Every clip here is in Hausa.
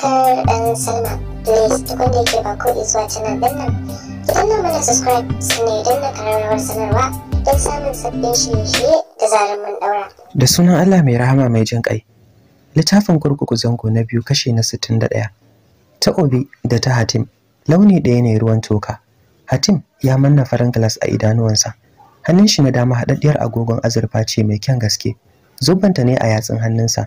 subscribe and sign up. Please da ba ko subscribe sanarwa don samun sabbin shirye da sunan Allah mai rahama mai jin ƙai. Littafin kurkuku zango na biyu kashi na 61. Ta Obi da ta Hatim launi ɗaya ne ruwan toka. Hatim ya manna farin glass a idanuwansa. Hannun shi na dama haɗaɗɗiyar agogon azurfa ce mai kyan gaske. Zubanta ne a yatsun hannunsa.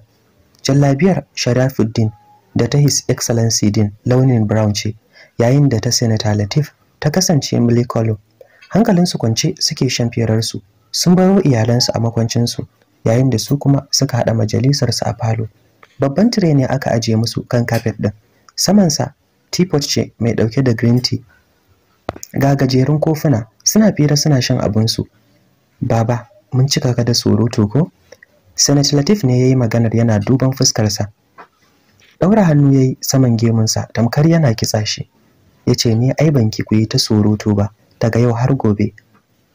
Jallabiyar Sharafuddin da ta His Excellency din launin brown ce, yayin da ta Senator Latif ta kasance milk kolo, Hankalinsu kwance suke shan firarsu, sun baro iyalansu a makwancinsu, yayin da su kuma suka haɗa majalisarsu a falo. Babban tire ne aka ajiye musu kan kafet ɗin. Samansa teapot ce mai ɗauke da green tea. Ga gajerun kofuna suna fira suna shan abinsu. Baba, mun cika ka da surutu ko? Senator Latif ne ya yi maganar yana duban fuskarsa. Daura hannu ya yi saman gemunsa tamkar yana kitsa shi. Ya ce ni ai banki ku yi ta soroto ba daga yau har gobe.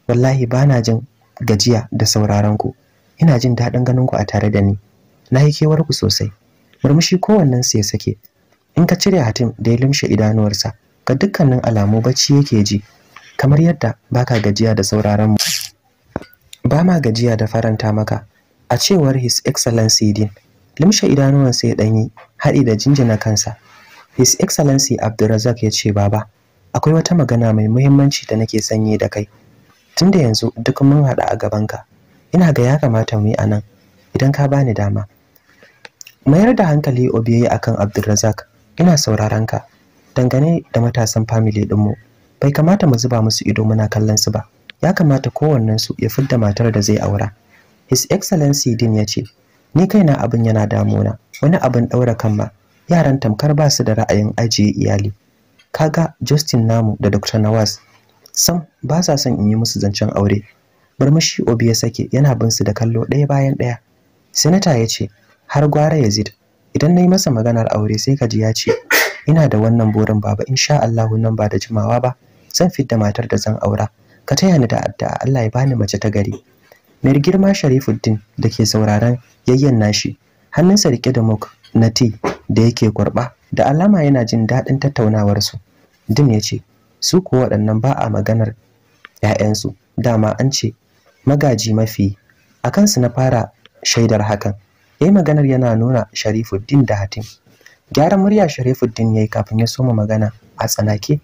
Wallahi ba na jin gajiya da sauraron ku. Ina jin daɗin ganin ku a tare da ni. Na yi kewar ku sosai. Murmushi kowannen ya sake. In ka cire hatim da ya limshe idanuwarsa ga dukkanin alamu bacci yake ji kamar yadda baka gajiya da sauraron mu. Ba ma gajiya da faranta maka a cewar His Excellency Din. Limshe idanuwansa ya ɗanyi haɗi da jinjina kansa his excellency abdulrazak ya ce baba akwai wata magana mai muhimmanci da nake sanye da kai tunda yanzu duk mun haɗa a gabanka ina ga ya kamata mu yi a idan ka bani dama mayar da hankali obiyayi akan abdulrazak ina sauraron ka dangane da matasan family ɗinmu bai kamata mu zuba musu ido muna kallon su ba ya kamata kowannensu ya fidda matar da zai aura his excellency din ya ce ni kaina abin yana damuna wani abin ɗaura kan ma yaran tamkar ba su da ra'ayin ajiye iyali kaga Justin namu da Dr. Nawaz sam ba sa son in yi musu zancen aure murmushi Obi ya sake yana bin su da kallo ɗaya bayan ɗaya sinata ya ce har gwara ya Yazid idan na yi masa maganar aure sai ka ji ya ce ina da wannan burin baba insha Allah nan ba da jimawa ba zan fidda matar da zan aura ka taya ni da addu'a Allah ya bani mace ta gari mai girma Sharifuddin da ke sauraron yayyan nashi hannunsa rike da mug na ti da yake kurba da alama yana jin daɗin tattaunawarsu dim ya ce su ko waɗannan ba a maganar 'ya'yansu dama an ce magaji mafi a kansu na fara shaidar hakan ya eh, maganar yana nuna sharifuddin da hatim gyaran murya sharifuddin ya yi kafin ya soma magana a tsanake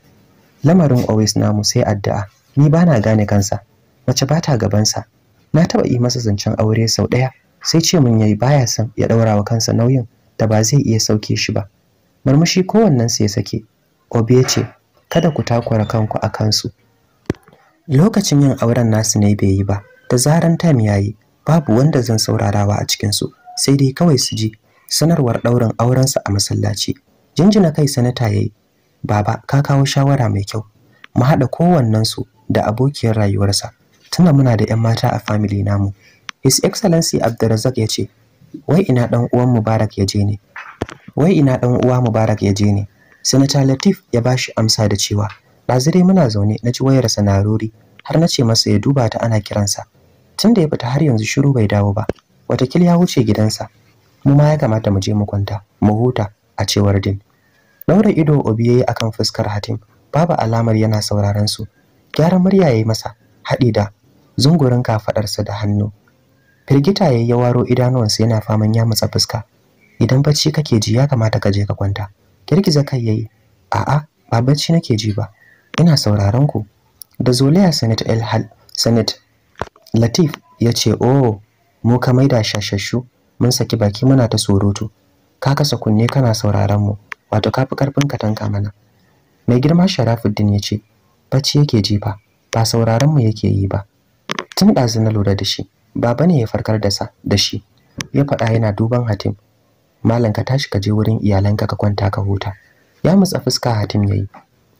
lamarin always namu sai addu'a ni ba na gane kansa mace ba ta gabansa na taɓa yi masa zancen aure sau ɗaya sai ce mun yayi baya son ya daura wa kansa nauyin da ba zai iya sauke shi ba murmushi wannan sai sake obi ya ce kada ku takura kanku a kansu lokacin yin auren nasu ne bai yi ba da zaran tam yayi babu wanda zan saurarawa a cikin su sai dai kawai su ji sanarwar ɗaurin aurensa a masallaci jinjina kai sanata yayi baba ka kawo shawara mai kyau mu haɗa su da abokiyar rayuwarsa tunda muna da 'yan mata a family namu His Excellency Abdulrazak ya ce, wai ina ɗan uwan Mubarak ya je ne? Wai ina ɗan uwa Mubarak ya je ne? Senator Latif ya ba shi amsa da cewa, ɗazire muna zaune na ci wayarsa na rori har na ce masa ya duba ta ana kiransa. Tun da ya fita har yanzu shiru bai dawo ba, watakil ya wuce gidansa. Mu ma ya kamata mu je mu kwanta, mu huta a cewar din. Laura ido Obi yayi akan fuskar Hatim, babu alamar yana sauraron su. Gyaran murya yayi masa, haɗi da zungurin kafaɗarsa da hannu. firgita yayi ya waro idanuwansa yana faman ya matsa fuska idan bacci kake ji ya kamata ka je ka kwanta girgiza kai yayi a'a ba bacci nake ji ba ina sauraron ku da zolaya sanat el hal sanat latif ya ce oh mu ka maida shashashu mun saki baki muna ta soroto ka kasa kunne kana sauraron mu wato ka fi karfin ka tanka mana mai girma sharafuddin ya ce bacci yake ji ba ba sauraron mu yake yi ba tun ɗazu na lura da shi baba ne ya farkar da sa da shi ya faɗa yana duban hatim malam ka tashi ka je wurin iyalanka ka kwanta ka huta ya mutsa fuska hatim yayi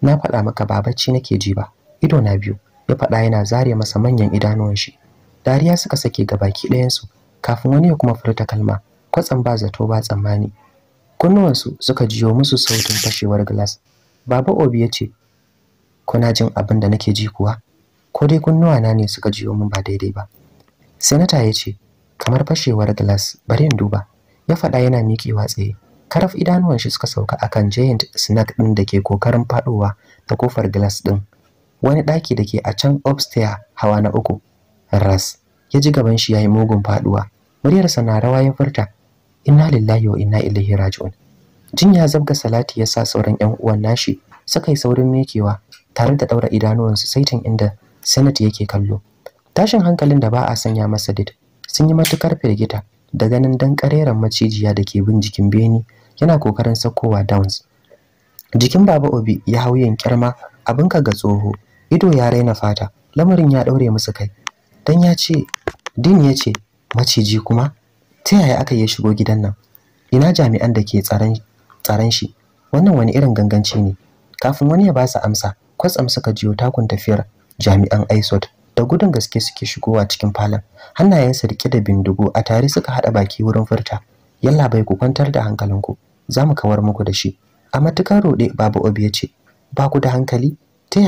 na faɗa maka baba ci nake ji ba ido na biyu ya faɗa yana zare masa manyan idanuwan shi dariya suka sake ga gabaki ɗayansu kafin wani ya kuma furta kalma kwatsam ba zato ba tsammani kunnuwansu suka jiyo musu sautin fashewar glass baba obi ya ce kuna jin abin da nake ji kuwa ko dai kunnuwana ne suka jiyo min ba daidai ba Senata ya ce, kamar fashewar glass, bari in duba. Ya faɗa yana miƙewa tsaye. Karaf idanuwan shi suka sauka akan giant snack ɗin da ke kokarin faɗowa ta kofar glass ɗin. Wani ɗaki da ke a can upstairs hawa na uku. Ras, ya ji gaban shi ya yi mugun faɗuwa. Muryarsa na rawa ya furta. Inna lillahi wa inna ilaihi raji'un. Jin ya zabga salati ya sa sauran 'yan uwan nashi suka yi saurin miƙewa tare da ɗaura idanuwansu saitin inda Senate yake kallo. tashin hankalin da ba a sanya masa did sun yi matukar firgita da ganin dan kareren macijiya da ke bin jikin beni yana kokarin sakowa downs jikin baba obi ya hau yin kirma abin ka ga tsoho ido ya raina fata lamarin ya ɗaure musu kai dan ya ce din ya ce maciji kuma ta yaya aka yi shigo gidan nan ina jami'an da ke tsaron shi wannan wani irin ganganci ne kafin wani ya ba su amsa kwatsam suka jiyo takun tafiyar jami'an isot da gudun gaske suke shigowa cikin falon hannayensa rike da bindigo a tare suka haɗa baki wurin furta yalla bai ku kwantar da hankalinku za mu kawar muku da shi a matukar roɗe babu obi ya ce ba ku da hankali ta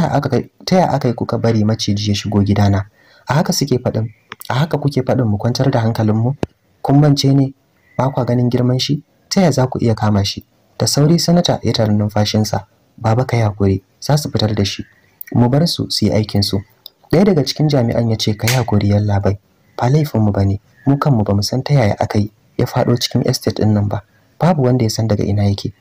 ya aka yi kuka bari maciji ya shigo gidana a haka suke faɗin a haka kuke faɗin mu kwantar da hankalinmu kun mance ne ba kwa ganin girman shi ta ya za ku iya kama shi da sauri sanata ya tara numfashinsa baba kai hakuri za su fitar da shi mu bar su su yi aikinsu ɗaya daga cikin jami'an ya ce ka yi hakuri yalla bai ba laifinmu ba ne mu kanmu ba mu san ta yaya aka yi ya faɗo cikin estate ɗin nan ba babu wanda ya san daga ina yake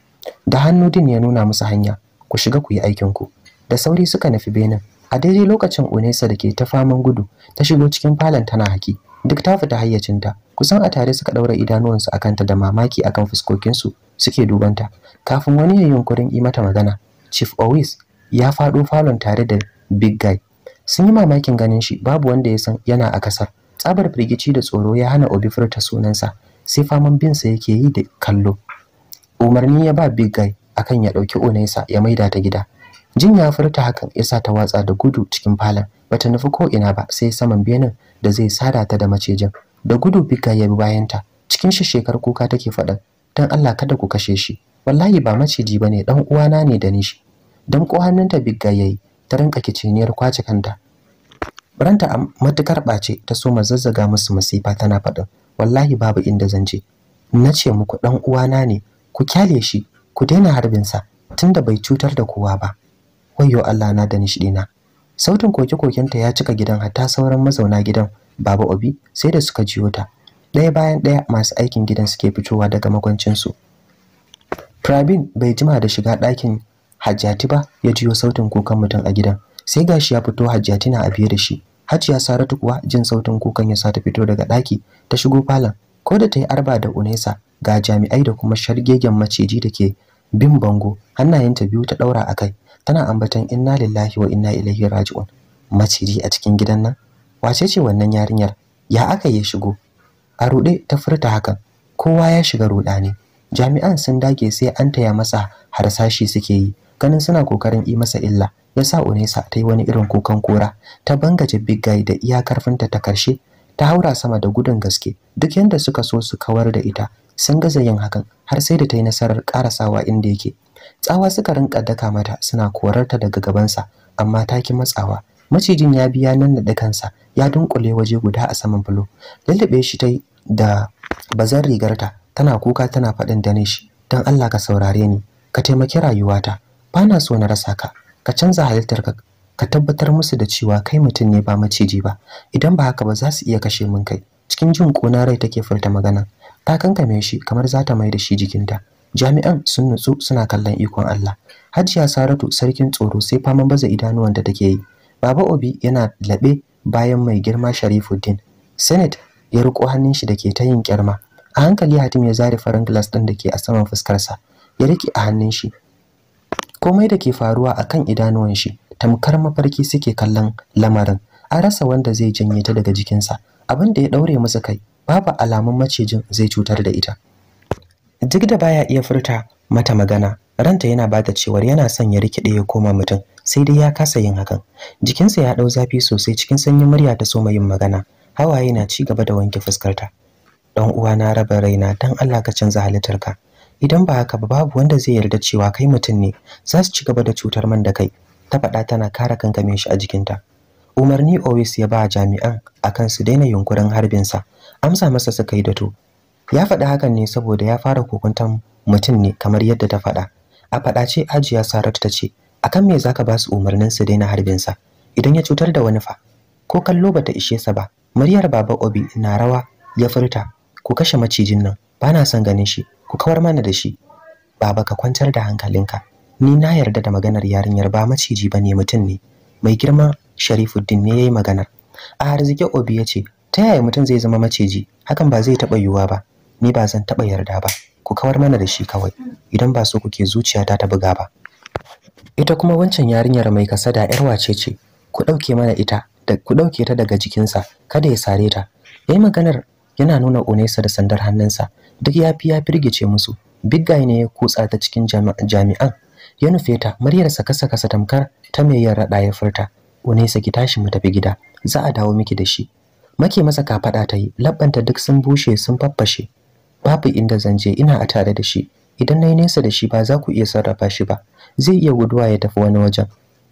da hannu din ya nuna musu hanya ku shiga ku yi aikinku da sauri suka nufi benin a daidai lokacin Unesa da ke ta faman gudu ta shigo cikin falon tana haki duk ta fita hayyacinta kusan a tare suka ɗaura idanuwansu a kanta da mamaki akan fuskokinsu suke dubanta kafin wani ya yunkurin yi mata magana chief owis ya faɗo falon tare da big guy sun yi mamakin ganin shi babu wanda ya san yana a kasar tsabar firgici da tsoro ya hana obi furta sunansa sai faman bin sa yake yi da kallo umarni ya ba big guy akan ya ɗauki Onesa ya maida ta gida jin ya furta hakan yasa ta watsa da gudu cikin falon bata nufi ko ina ba sai saman benin da zai sada ta da macejin. da gudu big guy ya bi bayanta cikin shi shekar kuka take faɗin. dan Allah kada ku kashe shi wallahi ba maciji bane dan uwana ne da ni shi dan ko hannunta big guy yayi ta rinka kiciniyar kwace kanta baranta a matukar ɓace ta so ma zazzaga musu masifa tana faɗin wallahi babu inda zan je na ce muku ɗan uwana ne ku kyale shi ku daina harbin sa, tunda bai cutar da kowa ba wayyo Allah na da nishɗina sautin koke-kokenta ya cika gidan hatta sauran mazauna gidan Babu Obi sai da suka jiyo ta. Ɗaya bayan ɗaya masu aikin gidan suke fitowa daga magwancinsu. Prabin bai jima da shiga ɗakin Hajjati ba ya jiyo sautin kukan mutum a gidan sai gashi ya fito Hajjati na a biye da shi Hajiya Saratu kuwa jin sautin kukan ya sa ta fito daga daki. ta shigo falon ko da ta yi arba da Unesa ga jami'ai da kuma shargegen maciji da ke bin bango hannayenta biyu ta ɗaura a kai tana ambaton inna lillahi wa inna ilaihi raji'un maciji a cikin gidan nan wace ce wannan yarinyar ya aka ya shigo a ruɗe ta furta hakan kowa ya shiga rudani. jami'an sun dage sai an taya masa harsashi suke yi ganin suna kokarin yi masa illa ya sa unesa ta yi wani irin kukan kora ta bangaje Big Guy da iya karfinta ta karshe ta haura sama da gudun gaske duk yanda suka so su kawar da ita sun gaza yin hakan har sai da ta yi nasarar karasawa inda yake tsawa suka rinka daka mata suna korarta daga gabansa amma ta ki matsawa macijin ya biya nan da kansa ya dunkule waje guda a saman bulo lallabe shi ta da bazan rigarta tana kuka tana faɗin danishi shi don Allah ka saurare ni ka taimaki rayuwata bana so na rasa ka ka canza halittar ka ka tabbatar musu da cewa kai mutum ne ba maciji ba idan ba haka ba za su iya kashe min kai cikin jin kona rai take furta magana ta kankame shi kamar za ta mai da shi jikinta jami'an sun nutsu suna kallon ikon Allah Hajiya Saratu sarkin tsoro sai fama baza idanuwan da take yi Baba Obi yana labe bayan mai girma Sharifuddin Senet ya riko hannun shi dake ta yin kyarma a hankali Hatim ya zare farin glass din dake a saman fuskar sa ya rike a hannun shi komai da ke faruwa akan idanuwan shi tamkar mafarki suke kallon lamarin an rasa wanda zai janye ta daga jikinsa abin da ya daure masa kai babu alamun macijin zai cutar da ita duk da baya iya furta mata magana ranta yana bata cewar yana son ya rikide ya koma mutum sai dai ya kasa yin hakan jikinsa ya ɗau zafi sosai cikin sanyin murya ta soma yin magana hawaye na ci gaba da wanke fuskarta dan uwa na raba raina dan Allah ka canza halittarka idan ba haka ba babu wanda zai yarda cewa kai mutum ne za su ci gaba da cutar man da kai ta faɗa tana kara kankame shi a jikinta umarni always ya ba jami'an akan su daina yunkurin harbin sa amsa masa suka yi da to ya faɗi hakan ne saboda ya fara kokuntan mutum ne kamar yadda ta faɗa a faɗa ce ajiya saratu ta ce akan me zaka ba su umarnin su daina sa idan ya cutar da wani fa ko kallo bata ishe sa ba muryar baba obi na rawa ya furta ku kashe macijin nan bana son ganin shi ku kawar mana da shi baba ka kwantar da hankalinka ni na yarda da maganar yarinyar ba maciji bane mutum ne mai girma Sharifuddin ne yayi maganar a harzike obi ya ce ta yaya mutum zai zama maciji hakan ba zai taɓa yiwuwa ba ni ba zan taɓa yarda ba ku kawar mana da shi kawai idan ba so kuke zuciyata ta buga ba ita kuma wancan yarinyar mai kasada yar wace ce ku ɗauke mana ita da ku ɗauke ta daga jikinsa kada ya sare ta yayi maganar yana nuna Onesa da sandar hannunsa duk ya fi ya firgice musu big guy ne ya kutsa ta cikin jami'an ya nufe ta muryar sa kasa kasa tamkar ta mai yin rada ya furta unesa ki tashi mu tafi gida za a dawo miki da shi make masa kafada ta yi labbanta duk sun bushe sun faffashe babu inda zan je ina a tare da shi idan nayi nesa da shi ba za ku iya sarrafa shi ba zai iya guduwa ya tafi wani wajen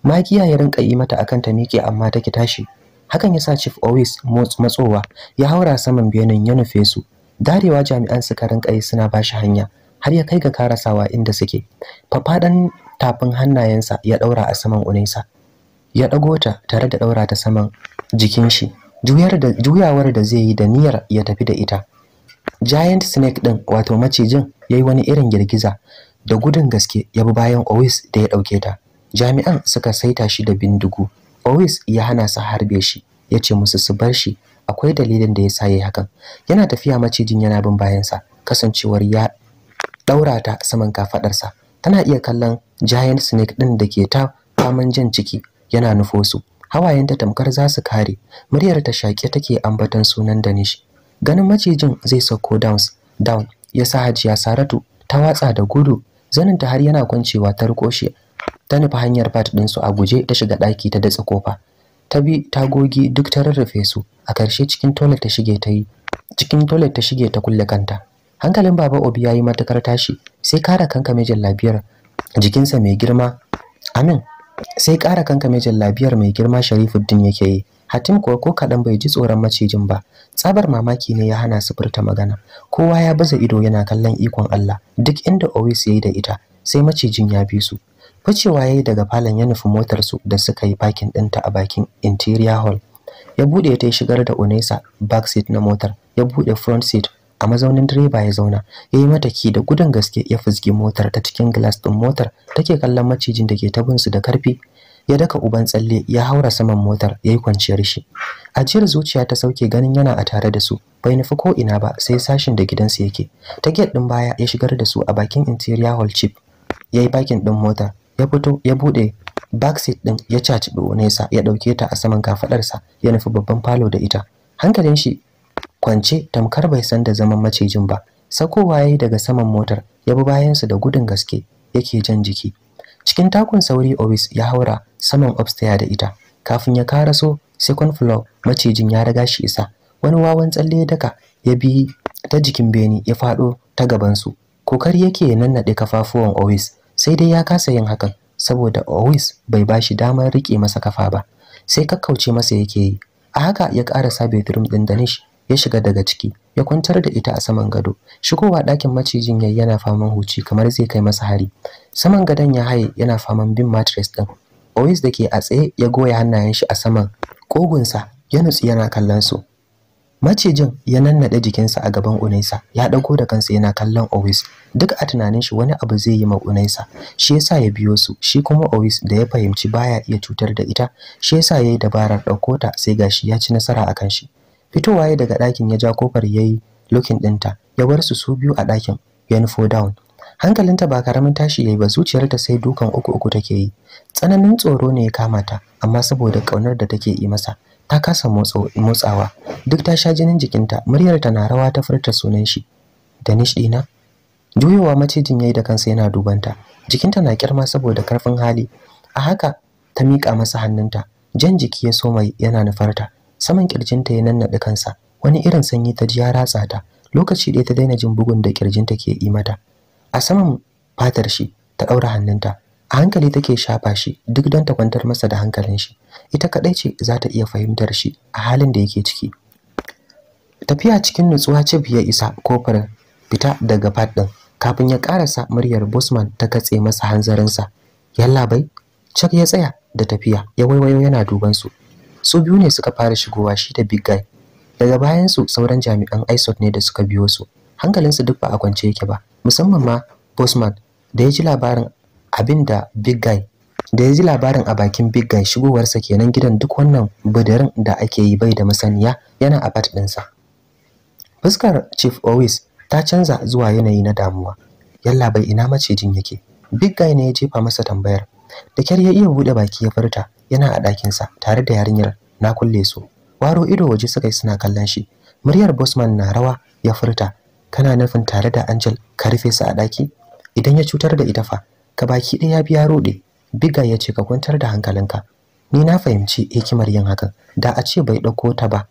makiya ya rinka yi mata akan ta miƙe amma take tashi hakan yasa sa chief always matsowa ya haura saman benin ya nufe su darewa jami'an suka rinka yi suna bashi hanya har ya kai ga karasawa inda suke fafadan tafin hannayensa ya daura a saman unaisa ya dago ta tare da daura ta saman jikin shi juyar da juyawar da zai yi da niyyar ya tafi da ita giant snake din wato macijin yayi wani irin girgiza da gudun gaske ya bi bayan Owis da ya dauke ta jami'an suka saita shi da bindigu Owis ya hana su harbe shi yace ce musu su bar shi akwai dalilin da ya sa yayi hakan yana tafiya macijin yana bin bayansa kasancewar ya daura ta saman kafaɗarsa. tana iya kallon giant snake ɗin da ke ta faman jan ciki yana nufo su ta tamkar za su kare muryar ta shaƙe take ambaton sunan danish ganin macijin zai sauko downs down ya sa hajiya saratu ta watsa da gudu zanin ta har yana kwancewa ta riko ta nufi hanyar bat ɗinsu a guje ta shiga ɗaki ta datsa kofa ta bi tagogi duk ta rarrafe su a ƙarshe cikin toilet ta shige ta yi cikin toilet ta shige ta kulle kanta hankalin baba obi yayi matakar tashi sai kara kanka mai jallabiyar jikinsa mai girma amin sai kara kanka mai jallabiyar mai girma sharifuddin yake yi hatim kuwa ko kaɗan bai ji tsoron macijin ba tsabar mamaki ne ya hana su furta magana kowa ya baza ido yana kallon ikon allah duk inda owis ya yi da ita sai macijin ya bi su Ficewa ya yi daga falon ya nufi motarsu da suka yi bakin ɗinta a bakin interior hall. Ya buɗe ta shigar da Unesa back seat na motar, ya buɗe front seat a mazaunin direba ya zauna, ya yi mata ki da gudun gaske ya fuzgi motar ta cikin glass ɗin motar take kallon macijin da ke ta bin su da karfi. Ya daka uban tsalle ya haura saman motar ya yi kwanciyar shi. Ajiyar zuciya ta sauke ganin yana a tare da su, bai nufi ko ina ba sai sashin da gidansu yake. Ta gate ɗin baya ya shigar da su a bakin interior hall chip. Ya yi bakin ɗin motar ya fito ya bude seat din ya caci nesa ya dauke ta a saman kafadarsa ya nufi babban falo da ita hankalin shi kwance tamkar bai san da zaman macijin ba sakowa yayi daga saman motar ya bi bayansa da gudun gaske yake jan jiki cikin takun sauri obis ya haura saman upstairs da ita kafin ya karaso second floor macijin ya riga shi isa wani wawan tsalle daka ya bi ta jikin beni ya fado ta gaban gabansu kokari yake ya nannaɗe kafafuwan obis sai dai ya kasa yin hakan saboda always bai bashi damar rike masa kafa ba sai kakkauce masa yake yi a haka ya karasa bedroom din Danish ya shiga daga ciki ya kwantar da ita a saman gado shigowa ɗakin macijin yayi yana faman huci kamar zai kai masa hari saman gadon ya haye yana faman bin mattress din always dake a tsaye ya goya hannayen shi a saman kogunsa ya nutsi yana kallon su macijin ya nannaɗe jikinsa a gaban unaisa ya ɗauko da kansa yana kallon owis duk a tunanin shi wani abu zai yi ma unaisa shi yasa ya biyo su shi kuma owis da ya fahimci baya iya cutar da ita shi yasa yayi dabarar ɗauko ta sai gashi ya ci nasara akan shi fitowa ya daga ɗakin ya ja kofar yayi yi lukin ɗinta ya bar su su biyu a ɗakin ya nufo down hankalinta ba karamin tashi yayi ba zuciyarta sai dukan uku uku take yi tsananin tsoro ne ya kamata, amma saboda kaunar da take yi masa ta kasa motsawa duk ta sha jinin jikinta muryar ta na rawa ta furta sunan shi danish dina juyowa macijin yayi da kansa yana dubanta jikinta na kirma saboda karfin hali a haka ta miƙa masa hannunta jan jiki ya so soma yana nufarta saman kirjinta ya nannaɗe kansa wani irin sanyi ta ji ya ratsa ta lokaci ɗaya ta daina jin bugun da kirjinta ke yi mata a saman fatar shi ta ɗaura hannunta a hankali take shafa shi duk don ta kwantar masa da hankalin shi ita kadai ce za ta iya fahimtar shi a halin da yake ciki tafiya cikin nutsuwa ce biya isa kofar fita daga fat din kafin ya karasa muryar Bosman ta katse masa hanzarinsa yalla bai chak ya tsaya da tafiya ya waiwayo yana duban su su biyu ne suka fara shigowa shi da big guy daga bayan su sauran jami'an ISOT ne da suka biyo su hankalinsu duk ba a kwance yake ba musamman ma Bosman da ya ji labarin abinda big guy da ya ji labarin a bakin big guy shigowarsa kenan gidan duk wannan budurin da ake yi bai da masaniya yana a fat ɗinsa fuskar chief always ta canza zuwa yanayi na damuwa yalla bai ina macijin yake big guy ne ya jefa masa tambayar da kyar ya iya buɗe baki ya furta yana a ɗakinsa tare da yarinyar na kulle su waro ido waje suka yi suna kallon shi muryar bosman na rawa ya furta kana nufin tare da angel ka rufe su a ɗaki idan ya cutar da ita fa gabaki ɗaya biya ruɗe biga ya ce ka kwantar da hankalinka ni na fahimci hikimar yin hakan da a ce bai ɗauko ta ba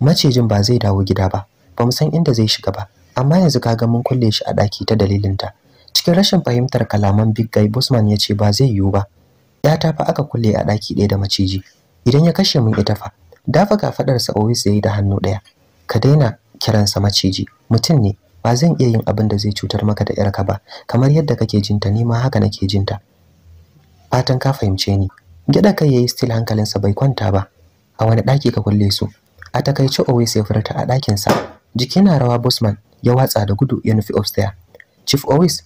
macijin ba zai dawo gida ba ba mu san inda zai shiga ba amma yanzu ka ga mun kulle shi a ɗaki ta dalilinta cikin rashin fahimtar kalaman big guy bosman ya ce ba zai yiwu ba Ya fa aka kulle a ɗaki ɗaya da maciji idan ya kashe mun ita fa dafa ga faɗarsa always ya yi da hannu ɗaya ka daina kiransa maciji mutum ne ba zan iya yin abin da zai cutar maka da yarka ba kamar yadda kake jinta ni ma haka nake jinta fatan ka fahimce ni gida kai yayi still hankalinsa bai kwanta ba a wani daki ka kulle su a takaice Owe sai furta a dakin sa jiki na rawa busman ya watsa da gudu ya nufi upstairs Chief Owis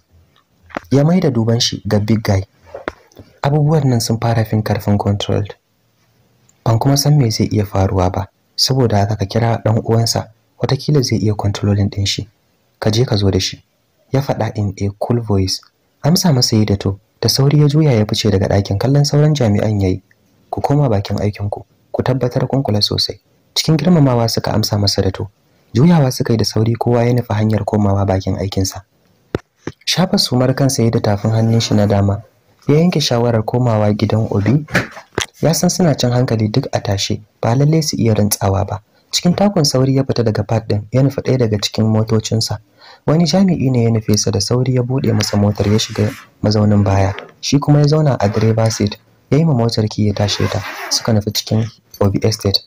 ya mai da duban shi ga big guy abubuwan nan sun fara fin karfin kontrol. ban kuma san me zai iya faruwa ba saboda haka ka kira dan uwansa watakila zai iya controlling din shi ka je ka zo da shi ya faɗa in a cool voice amsa masa yi da to da sauri ya juya ya fice daga ɗakin kallon sauran jami'an yayi ku koma bakin aikinku ku tabbatar kun sosai cikin girmamawa suka amsa masa da to juyawa suka yi da sauri kowa ya nufi hanyar komawa bakin aikinsa shafa sumar kansa ya da tafin hannun shi na dama ya yanke shawarar komawa gidan obi ya san suna cin hankali duk a tashe ba lallai su iya rantsawa ba cikin takon sauri ya fita daga fat din ya nufi ɗaya daga cikin motocinsa wani jami'i ne ya nufe sa da sauri ya buɗe masa motar ya shiga mazaunin baya shi kuma ya zauna a driver seat ya yi ma motar ki ya tashe ta suka nufi cikin obi estate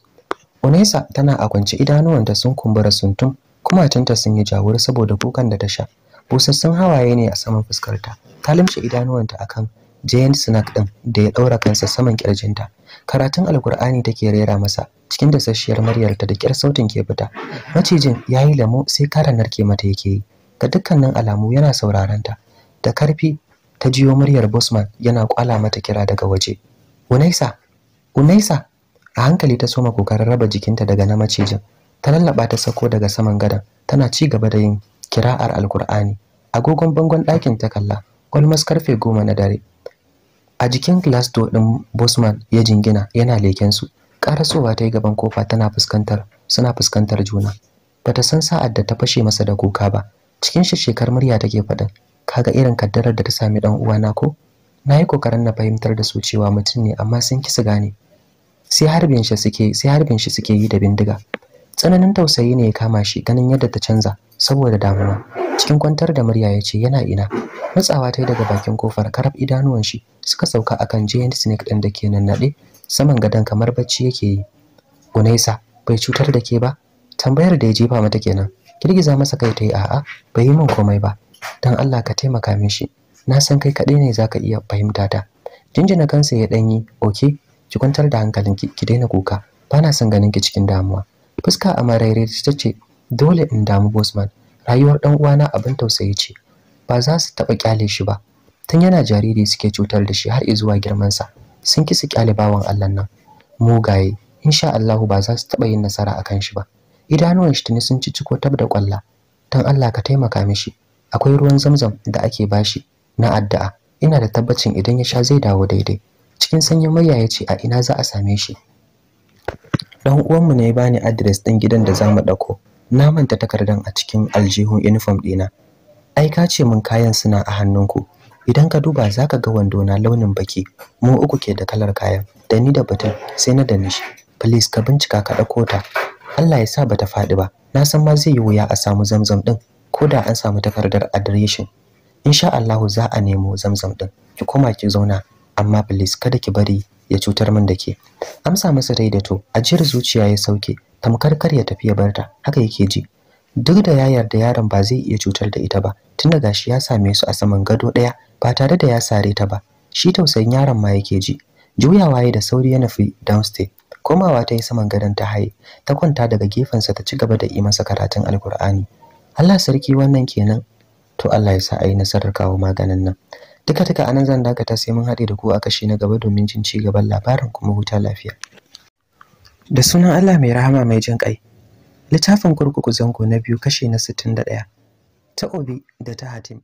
unesa tana a kwance idanuwanta sun kumbura Suntun. kuma tanta sun yi jawur saboda kukan da ta sha busassun hawaye ne a saman fuskarta ta limshe idanuwanta akan giant snack din da ya daura kansa saman kirjinta karatun alkur'ani take rera masa cikin dasasshiyar muryarta da kyar sautin ke fita macijin ya yi lamo sai kara narke mata yake yi ga dukkanin alamu yana sauraron ta da karfi ta jiyo muryar bosman yana kwala mata kira daga waje unaisa unaisa a hankali ta soma kokarin raba jikinta daga na macijin ta lallaba ta sako daga saman gadon tana ci gaba da yin kira'ar alkur'ani agogon bangon ɗakin ta kalla kwalmas karfe goma na dare a jikin glass door din bosman ya jingina yana leken su karasowa ta yi gaban kofa tana fuskantar suna fuskantar juna bata san sa'ad da ta fashe masa da kuka ba cikin shi shekar murya take faɗin kaga irin kaddarar da ta sami dan uwana ko na yi kokarin na fahimtar da su cewa mutum ne amma sun kisa gane sai harbin shi suke sai harbin shi suke yi da bindiga tsananin tausayi ne ya kama shi ganin yadda ta canza saboda damuwa cikin kwantar da murya ya ce yana ina matsawa ta daga bakin kofar karab idanuwan shi suka sauka akan giant snake ɗin da ke nannaɗe saman gadon kamar bacci yake yi gunaisa bai cutar da ke ba tambayar da ya jefa mata kenan girgiza masa kai ta yi a'a bai yi min komai ba don allah ka taimaka min shi na san kai kaɗai ne za ka iya fahimta ta jinjina kansa ya ɗanyi oke ki kwantar da hankalinki ki daina kuka ba na son ganin cikin damuwa fuska a maraire ta ce dole in damu bosman rayuwar ɗan uwana abin tausayi ce ba za su taɓa kyale shi ba tun yana jariri suke cutar da shi har zuwa girmansa sun kisa kyale bawan Allah nan mugaye insha Allahu ba za su taɓa yin nasara akan shi ba idanuwan shi tuni sun ci ciko tab da kwalla dan Allah ka taimaka mishi akwai ruwan zamzam da ake bashi na addu'a ina da tabbacin idan ya sha zai dawo daidai cikin sanyin maiya ya ce a ina za a same shi dan uwanmu ne ya bani adres din gidan da za mu ɗauko. na manta takardan a cikin aljihun uniform dina ai ka ce min kayan suna a hannunku idan ka duba za ka ga wando na launin baki mu uku ke da kalar kayan da ni da batun sai na da nishi please ka bincika ka dauko ta Allah ya sa bata faɗi ba na san ma zai yi wuya a samu zamzam ɗin ko da an samu takardar adireshin insha Allahu za a nemo zamzam ɗin ki koma ki zauna amma please kada ki bari ya cutar min da ke amsa masa daidaito ajiyar zuciya ya sauke tamkar kar ya tafi ya barta haka yake ji duk da ya yarda yaron ba zai iya cutar da ita ba tunda gashi ya same su a saman gado ɗaya ba tare da ya sare ta ba shi tausayin yaron ma yake ji juyawa ya da sauri ya nufi downstairs komawa ta yi saman gadon ta haye ta kwanta daga gefensa ta ci gaba da yi masa karatun alkur'ani Allah sarki wannan kenan to Allah ya sa a yi nasarar kawo maganin nan duka duka anan zan dakata sai mun haɗe da ku a kashi na gaba domin jin ci gaban labarin kuma huta lafiya da sunan Allah mai rahama mai jin ƙai littafin kurkuku zango na biyu kashi na sittin da ɗaya, ta obi da ta hatim